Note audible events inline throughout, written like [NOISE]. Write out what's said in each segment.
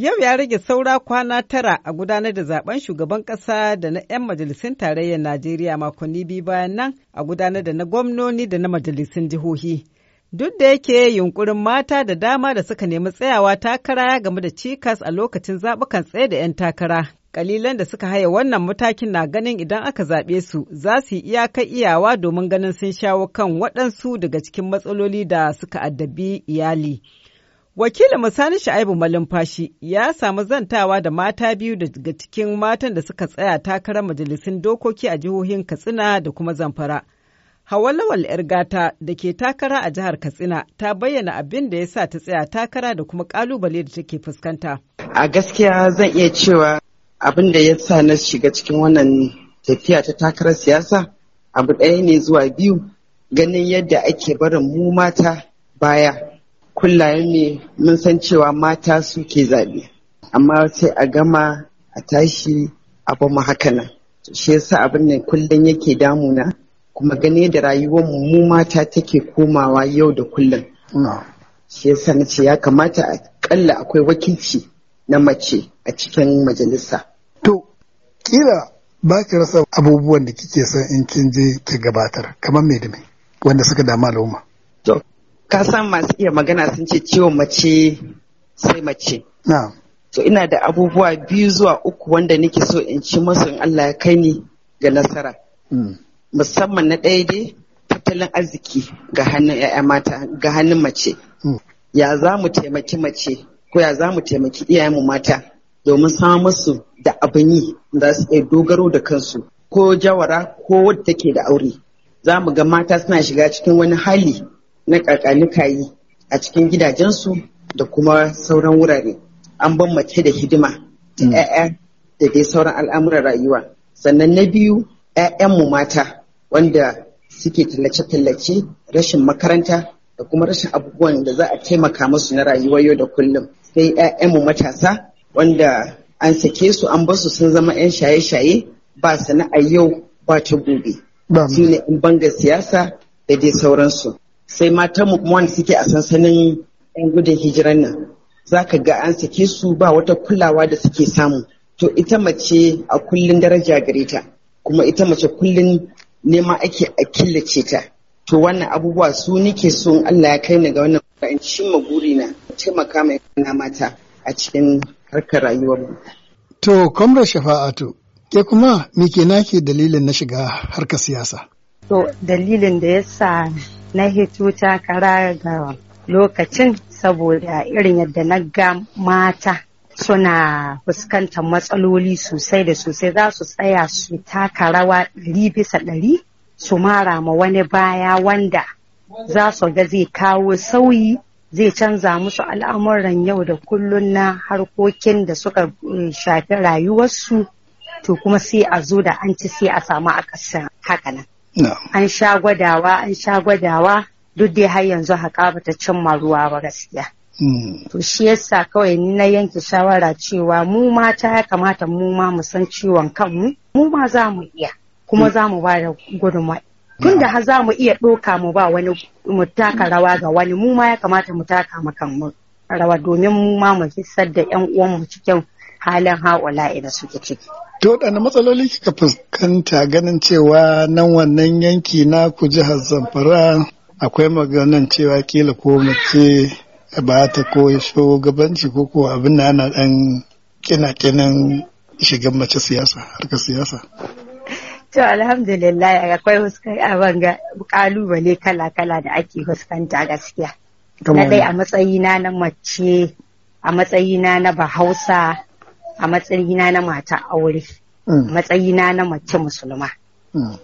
Yau ya rage saura kwana tara a gudanar da zaben shugaban ƙasa da na 'yan majalisun tarayyar Najeriya makonni biyu bayan nan a gudanar da na gwamnoni da na majalisun jihohi. Duk da yake yunkurin mata da dama da suka nemi tsayawa takara game da cikas a lokacin zaɓukan tsaye da 'yan takara. Kalilan da suka haye wannan matakin na ganin idan aka zaɓe su za su yi iyakar iyawa domin ganin sun shawo kan waɗansu daga cikin matsaloli da suka addabi iyali. Wakilin Musani Sha'ibu Malumfashi ya samu zantawa da mata biyu daga cikin matan da suka tsaya takarar majalisun dokoki a jihohin Katsina da kuma Zamfara. Hawalawal 'yar gata da ke takara a jihar Katsina ta bayyana abin da ya sa ta tsaya takara da kuma kalubale da take fuskanta. A gaskiya zan iya cewa abin da ya sa na shiga cikin wannan tafiya ta takarar siyasa abu ɗaya ne zuwa biyu ganin yadda ake barin mu mata baya kullaye ne mun san cewa mata suke zaɓe amma sai a gama a tashi abu mu haka nan shi yasa abin ne kullum yake damuna kuma gane da rayuwar mu mata take komawa yau da kullum shi yasa na ce ya kamata a kalla akwai wakilci na mace a cikin majalisa to kila ba ki rasa abubuwan da kike son in kin je ki gabatar kamar me da me wanda suka dama al'umma ka san masu iya magana sun ce ciwon mace sai mace so ina da abubuwa biyu zuwa uku wanda nake so in ci masu in Allah ya kai ni ga nasara hmm. musamman na ɗaya dai tattalin arziki ga hannun 'ya'ya mata ga hannun mace hmm. ya za mu taimaki mace ko ya za mu taimaki iyayenmu mata domin samun musu da abin yi za su iya dogaro da kansu ko jawara ko wadda take da aure za mu ga mata suna shiga cikin wani hali na yi a cikin gidajensu da kuma sauran wurare an mace da hidima ta mm. 'ya'ya da dai sauran al'amuran rayuwa sannan na biyu 'ya'yanmu mata wanda suke tallace-tallace rashin makaranta da kuma rashin abubuwan da za a taimaka musu na rayuwa yau da kullum sai 'ya'yanmu matasa wanda an sake su an basu sun zama 'yan shaye-shaye ba sana'a yau ba ta gobe su ne in banga siyasa da dai sauransu sai matan mu kuma wanda suke a sansanin yan gudun hijiran nan za ka ga an sake su ba wata kulawa da suke samu to ita mace a kullun daraja gare ta kuma ita mace kullun nema ake a killace ta to wannan abubuwa su nike son Allah ya kai ni ga wannan in Maguri na taimaka mai kana mata a cikin harkar rayuwar to komra shafa'atu ke kuma me nake dalilin na shiga harkar siyasa to dalilin da yasa na hito takara ga lokacin saboda irin yadda na ga mata suna fuskantar matsaloli sosai da sosai za su tsaya su taka rawa ɗari bisa ɗari su mara ma wani baya wanda za su ga zai kawo sauyi zai canza musu al'amuran yau da kullun na harkokin da suka eh, shafi rayuwarsu to kuma sai a zo da an ci sai a samu a ƙasa hakanan An sha gwadawa, an sha gwadawa duk dai har yanzu ba ta cimma ruwa ba gaskiya. Hmm. To shi yasa kawai na yanke shawara cewa mu mata ya kamata mu ma mu san ciwon kanmu, mu ma za mu iya, kuma hmm. za mu ba da gudunmawa tun da za mu iya ɗoka mu ba wani mu taka rawa ga wani mu ma ya kamata mu taka mu kanmu rawa domin mu ma mu hissar da 'yan uwanmu cikin halin ha'ula'i da suke ciki. To waɗanne matsaloli kika fuskanta ganin cewa nan wannan yanki na ku jihar Zamfara akwai maganin cewa kila ko mace ba ta ko shugabanci ko ko abin da ana ɗan kina-kinan shigan mace siyasa harkar siyasa. To alhamdulillah akwai abin ga kalubale kala-kala da ake fuskanta gaskiya. Na dai a matsayina na mace a matsayina na bahausa a matsayina na mata aure mm. matsayina na mace musulma mm.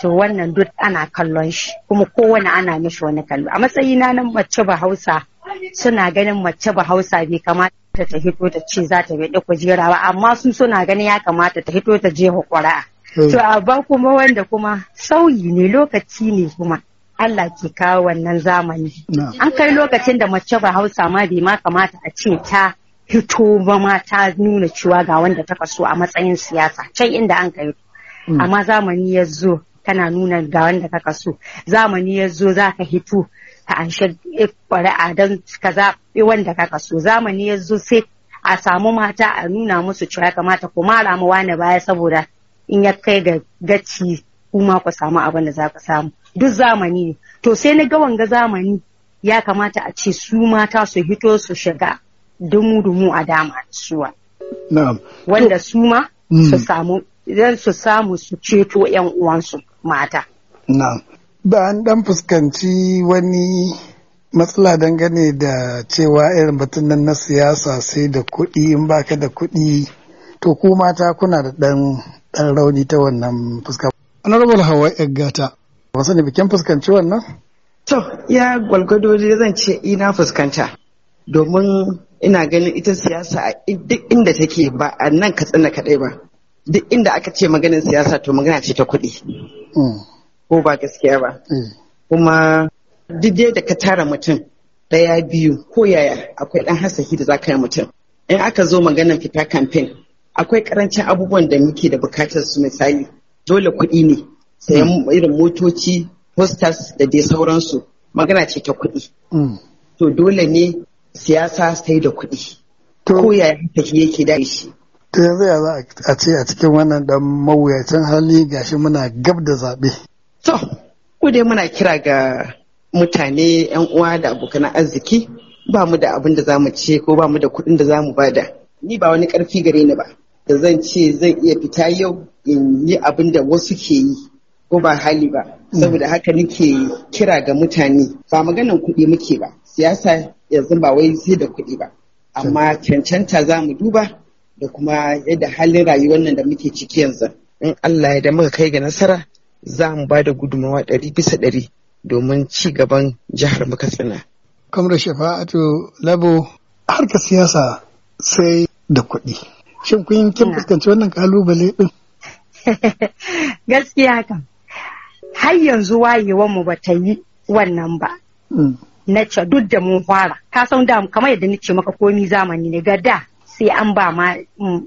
to wannan duk ana kallon shi kuma kowane ana mishi wani kallo a matsayina na mace bahausa suna ganin mace bahausa bai kamata ta hito ta ce za ta bai kujera ba amma su suna ganin ya kamata ta hito ta je ƙuri'a mm. to ba kuma wanda kuma sauyi ne lokaci ne kuma Allah ke kawo wannan zamani. An kai lokacin da mace bahausa ma bai ma kamata a ce ta Hito ba ma ta nuna cewa ga wanda ta kaso a matsayin siyasa can inda an kai mm. amma zamani ya zo tana nuna ga wanda ka kaso zamani ya zo za ka hito ka anshi ƙuri'a don ka zaɓi wanda ka kaso zamani ya zo sai a samu mata a nuna musu cewa kamata ku mara mu wani baya saboda in ya kai ga gaci kuma ku samu abin da za ku samu duk zamani ne to sai na ga wanga zamani ya kamata a ce su mata su hito su shiga dumu-dumu a dama suwa. Wanda su ma mm. su samu idan su samu su ceto 'yan uwansu mata. Ba an dan fuskanci wani matsala dangane da cewa irin batun nan na siyasa sai da kuɗi in baka da kuɗi to ku mata kuna da ɗan rauni ta wannan fuska. Honorable Hawa gata. wasu ne bikin fuskanci wannan? To, ya gwalgwado zan ce ina fuskanta domin ina ganin ita siyasa a duk inda take ba a nan katsina kaɗai ba duk inda aka ce maganin siyasa to magana ce ta kuɗi mm. ko ba gaskiya ba mm. kuma duk da ka tara mutum ɗaya biyu ko yaya akwai ɗan hasashi da za ka yi mutum in aka zo maganar fita kamfen akwai karancin abubuwan da muke da bukatar su misali dole kuɗi ne sayan mm. irin motoci posters da dai sauransu magana ce ta kuɗi to dole ne siyasa sai da kuɗi ko yaya tafi yake da shi to yanzu ya za a ce a cikin wannan dan mawuyacin hali gashi muna gab da zaɓe to ku dai muna kira ga mutane yan uwa da abokan arziki ba mu da abin da za mu ce ko ba mu da kuɗin da za mu bada ni ba wani ƙarfi gare ni ba da zan ce zan iya fita yau in yi abin da wasu ke yi ko ba hali ba mm. saboda haka nake kira ga mutane ba maganan kuɗi muke ba siyasa yanzu ba wai sai da kuɗi ba amma cancanta za mu duba da kuma yadda halin rayuwar nan da muke ciki yanzu in Allah ya da muka kai ga nasara za mu ba da gudunmawa ɗari bisa ɗari domin ci gaban jihar Katsina. Kamar Shafa'atu Labo harkar siyasa sai da kuɗi. Shin kun kin fuskanci wannan kalubale din? [LAUGHS] Gaskiya kam. Har yanzu wayewar mu ta yi wannan ba. Hmm. na ce duk da mun fara ka san da kamar yadda nace maka komi zamani ne ga da sai an ba ma mm,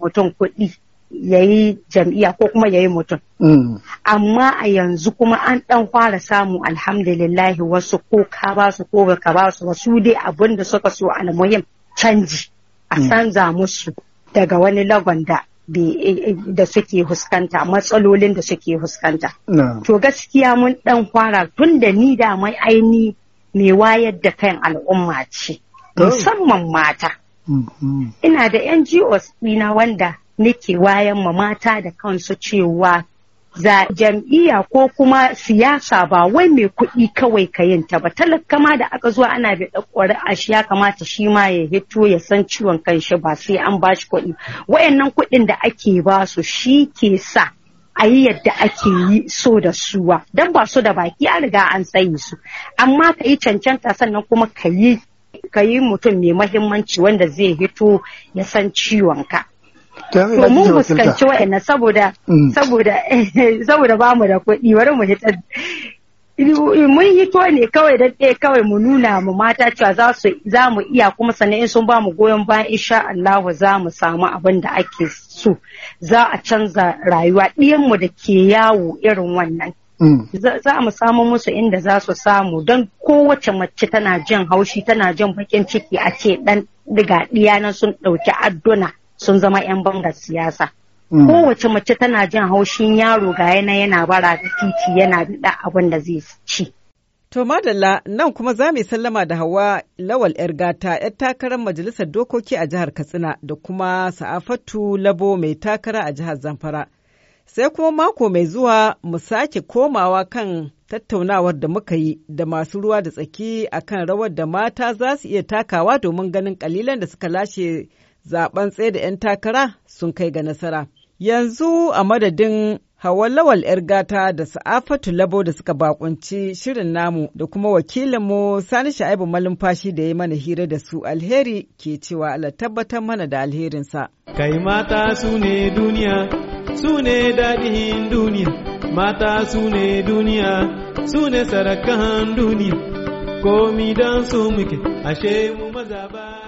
mutum kuɗi yayi yi jam'iyya ko kuma yayi mutum. Mm. Amma a yanzu kuma an ɗan fara samu alhamdulillahi wasu ko ka ba su ko ka ba su wasu dai abin da suka so a almuhim canji a mm. canza musu daga wani lagon da eh, eh, da suke huskanta matsalolin da suke huskanta. To gaskiya mun dan fara tun da ni da mai aini mai wayar da kan al'umma ce oh. musamman mata mm-hmm. ina da NGOs ɗina wanda nake wayan ma mata da kansu cewa za jam'iyya ko kuma siyasa ba wai mai kuɗi kawai ka yin ta ba talaka ma da aka zuwa ana bai ƙuri'a shi ya kamata shi ma ya hito ya san ciwon kanshi ba sai an bashi kuɗi wayannan kuɗin da ake ba su shi ke sa a yi yadda ake yi so da suwa don ba so da baki an riga an tsaye su amma ka yi cancanta sannan kuma ka yi ka yi mutum mai mahimmanci wanda zai hito ya san ciwon ka to mun fuskanci wa'annan saboda mm. saboda [LAUGHS] saboda bamu da kuɗi bari mu hita. mun hito ne kawai da ɗaya kawai mu nuna mu mata cewa za su za mu iya kuma sannan in sun ba mu goyon bayan insha Allah za mu samu abin da ake so za a canza rayuwa ɗiyan mu da ke yawo irin wannan mm. za mu samu musu inda za su samu don kowace mace tana jin haushi tana jin bakin ciki a ce dan diga ɗiyanan sun ɗauki adduna sun zama 'yan bangar siyasa. Mm. Kowace mace tana jin haushin yaro ga yana yana bara da titi yana da abin da zai ci. To madalla nan kuma za mu sallama da hawa lawal yar gata yar takarar majalisar dokoki a jihar Katsina da kuma sa'afatu labo mai takara a jihar Zamfara. Sai kuma mako mai zuwa mu sake komawa kan tattaunawar da muka yi da masu ruwa da tsaki akan rawar da mata za su iya takawa domin ganin kalilan da suka lashe zaben tsaye da 'yan takara sun kai ga nasara. Yanzu a madadin hawalawal Lawal 'yar gata da Sa'afatu Labo da suka bakunci shirin namu da kuma wakilinmu Sani Sha'ibu Malumfashi da ya mana hira da su alheri ke cewa ala tabbatar mana da alherinsa. Kai mata su ne duniya, su ne daɗin duniya, mata su ne duniya, su ne sarakan duniya, komi don su muke, ashe mu maza ba.